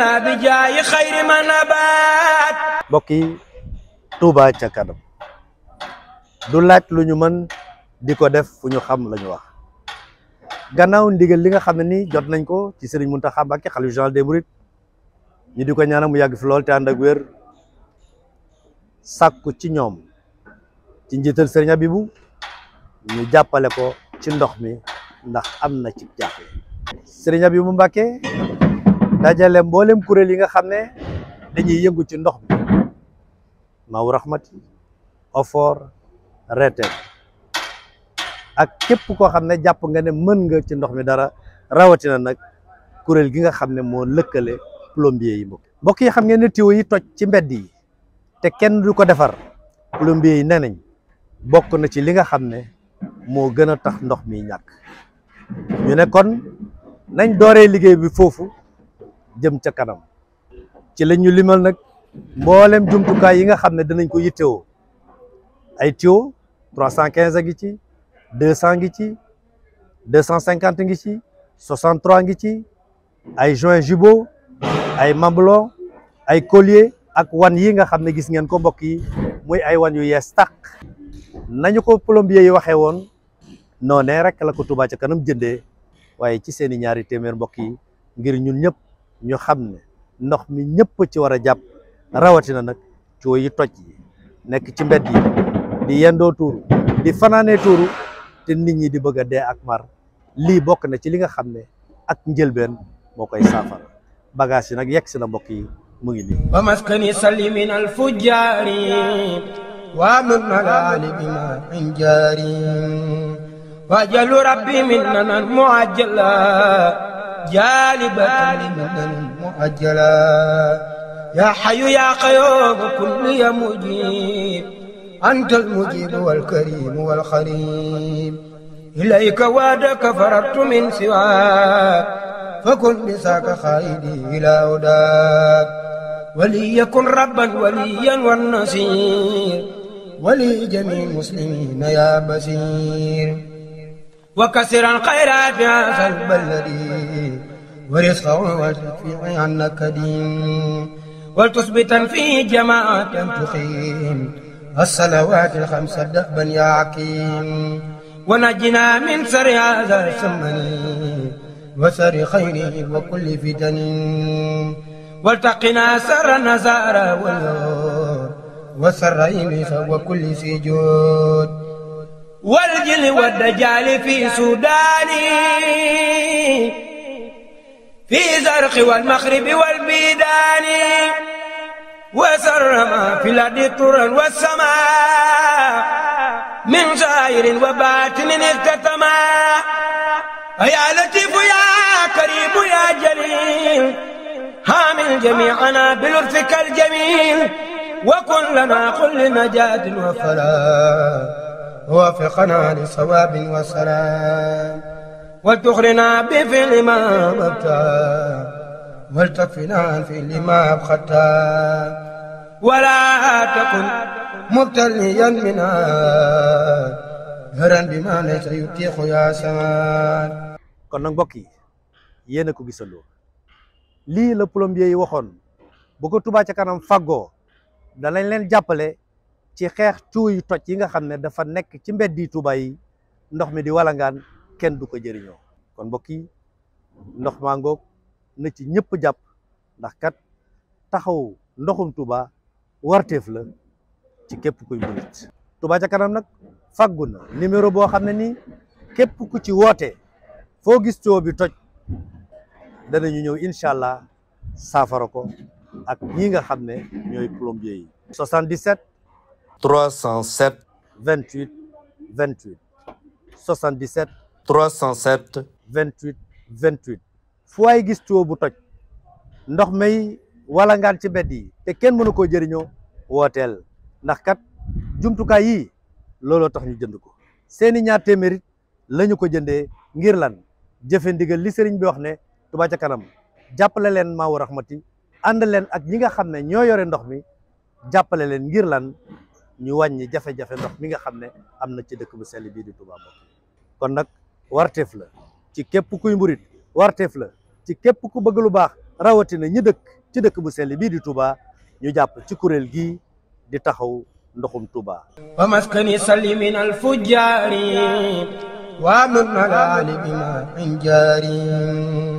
na jaayi xayri ma nabaat mbokk yi Touba ca kanam du laaj lu ñu man di ko def fu ñu xam la ñu wax gannaaw ndigal li nga xam ne ni jot nañ ko ci Serigne Mountakha Mbacké xalifa général des mourides ñu di ko ñaanal mu yàgg fi lool te ànd ak wér sàkku ci ñoom ci njiital Serigne Abibou ñu jàppale ko ci ndox mi ndax am na ci jaaxle Serigne Abibou Mbacké dajale mboolem kuréel yi nga xam ne dañuy yëngu ci ndox mi Maou Rahmati OFOR RETEL ak képp koo xam ne jàpp nga ne mën nga ci ndox mi dara rawatina nag kuréel gi nga xam ne moo lëkkale plombier yi mbokk mbokk yi xam ngeen ne tuyau yi toj ci mbedd yi te kenn du ko defar plombier yi nee nañ bokk na ci li nga xam ne moo gën a tax ndox mi ñàkk ñu ne kon nañ dooree liggéey bi foofu jëm ca kanam ci la ñu limal nag mboolem jumtukaay yi nga xam ne danañ ko yitte woo ay tuyau trois cent quinze ngi ci deux cent ngi ci deux cent cinquante ngi ci soixante trois ngi ci ay joint jubot ay mamelon ay collier ak wan yi nga xam ne gis ngeen ko mbokk yi muy ay wan yu yees tàq nañu ko plombier yi waxee woon noonee rek la ko Touba ca kanam jëndee waaye ci seeni ñaari téeméer mbokk yi ngir ñun ñëpp ñu xam ne ndox mi ñëpp ci war a jàpp rawatina nag coo toj nekk ci mbedd yi di yendoo tuuru di fanaanee tuuru te nit ñi di bëgg a dee ak mar lii bokk na ci li nga xam ne ak njëlbeen moo koy saafara bagage yi nag yegg si na mbokk yi mu ngi nii ba salli min al fujjaari waa nun malaali bi ma injaari rabbi min nanan muajjala جالبة لمدى مؤجلا يا حي يا قيوم كل يا مجيب أنت المجيب والكريم والخريم إليك وعدك فررت من سواك فكن بساك خائدي إلى هداك وليكن ربا وليا والنصير ولجميع المسلمين يا بصير وكسر الخيرات في هذا البلد ورزقه واشفي عنك دين ولتثبتا في جماعة تقيم الصلوات الخمس دأبا يا عكيم ونجنا من سر هذا السمن وسر خيره وكل فتن والتقنا سر نزار والنور وسر إبليس وكل سجود والجل والدجال في سوداني في زرق والمغرب والبيدان وسرما في الأرض طرا والسماء من زائر وباطن اختتما يا لطيف يا كريم يا جليل حامل جميعنا بلطفك الجميل وكن لنا كل مجاد وفلاح وافقنا لصواب وسلام ولتخرنا بفعل ما أبتا ولتكفنا في لما أبختا ولا تكن مبتليا منا هرا بما ليس يتيح يا سمان kon nag mbokk yi yéen a ko gisandoo lii la plombier yi waxoon bu ko Touba ca kanam faggoo danañ leen jàppale ci xeex cuu yu yi nga xam ne dafa nekk ci mbeddi Touba yi ndox mi di walangaan kenn du ko jëriñoo kon mbokk yi ndox maa ngoog na ci ñëpp jàpp ndax kat taxaw ndoxum Touba warteef la ci képp kuy murit Touba ca kanam nag faggu na numéro boo xam ne ni képp ku ci woote foo gis coow bi toj danañu ñëw incha allah saafara ko ak ñi nga xam ne ñooy plombier yi 77 307 28 28 77 307 28 28 fu waay gis tuyau bu toj ndox may wala ngaan ci mbedd yi te kenn mënu ko jëriñoo wooteel ndax kat jumtukaay yi looloo tax ñu jënd ko seeni ñaar téeméer lañu ko jëndee ngir lan jëfe ndigal li sëriñ bi wax ne Touba ca kanam jàppale leen Maawu Rahmati ànd leen ak ñi nga xam ne ñoo yore ndox mi jàppale leen ngir lan ñu wàññi jafe-jafe ndox mi nga xam ne am na ci dëkk bu sell bii di Touba kon nag warteef la ci képp kuy mburit warteef la ci képp ku bëgg lu baax rawatina ñi dëkk ci dëkk bu selli bii di Touba ñu jàpp ci kuréel gii di taxaw ndoxum Touba wa maskani salli min al fujjaari wa nun nalaali bi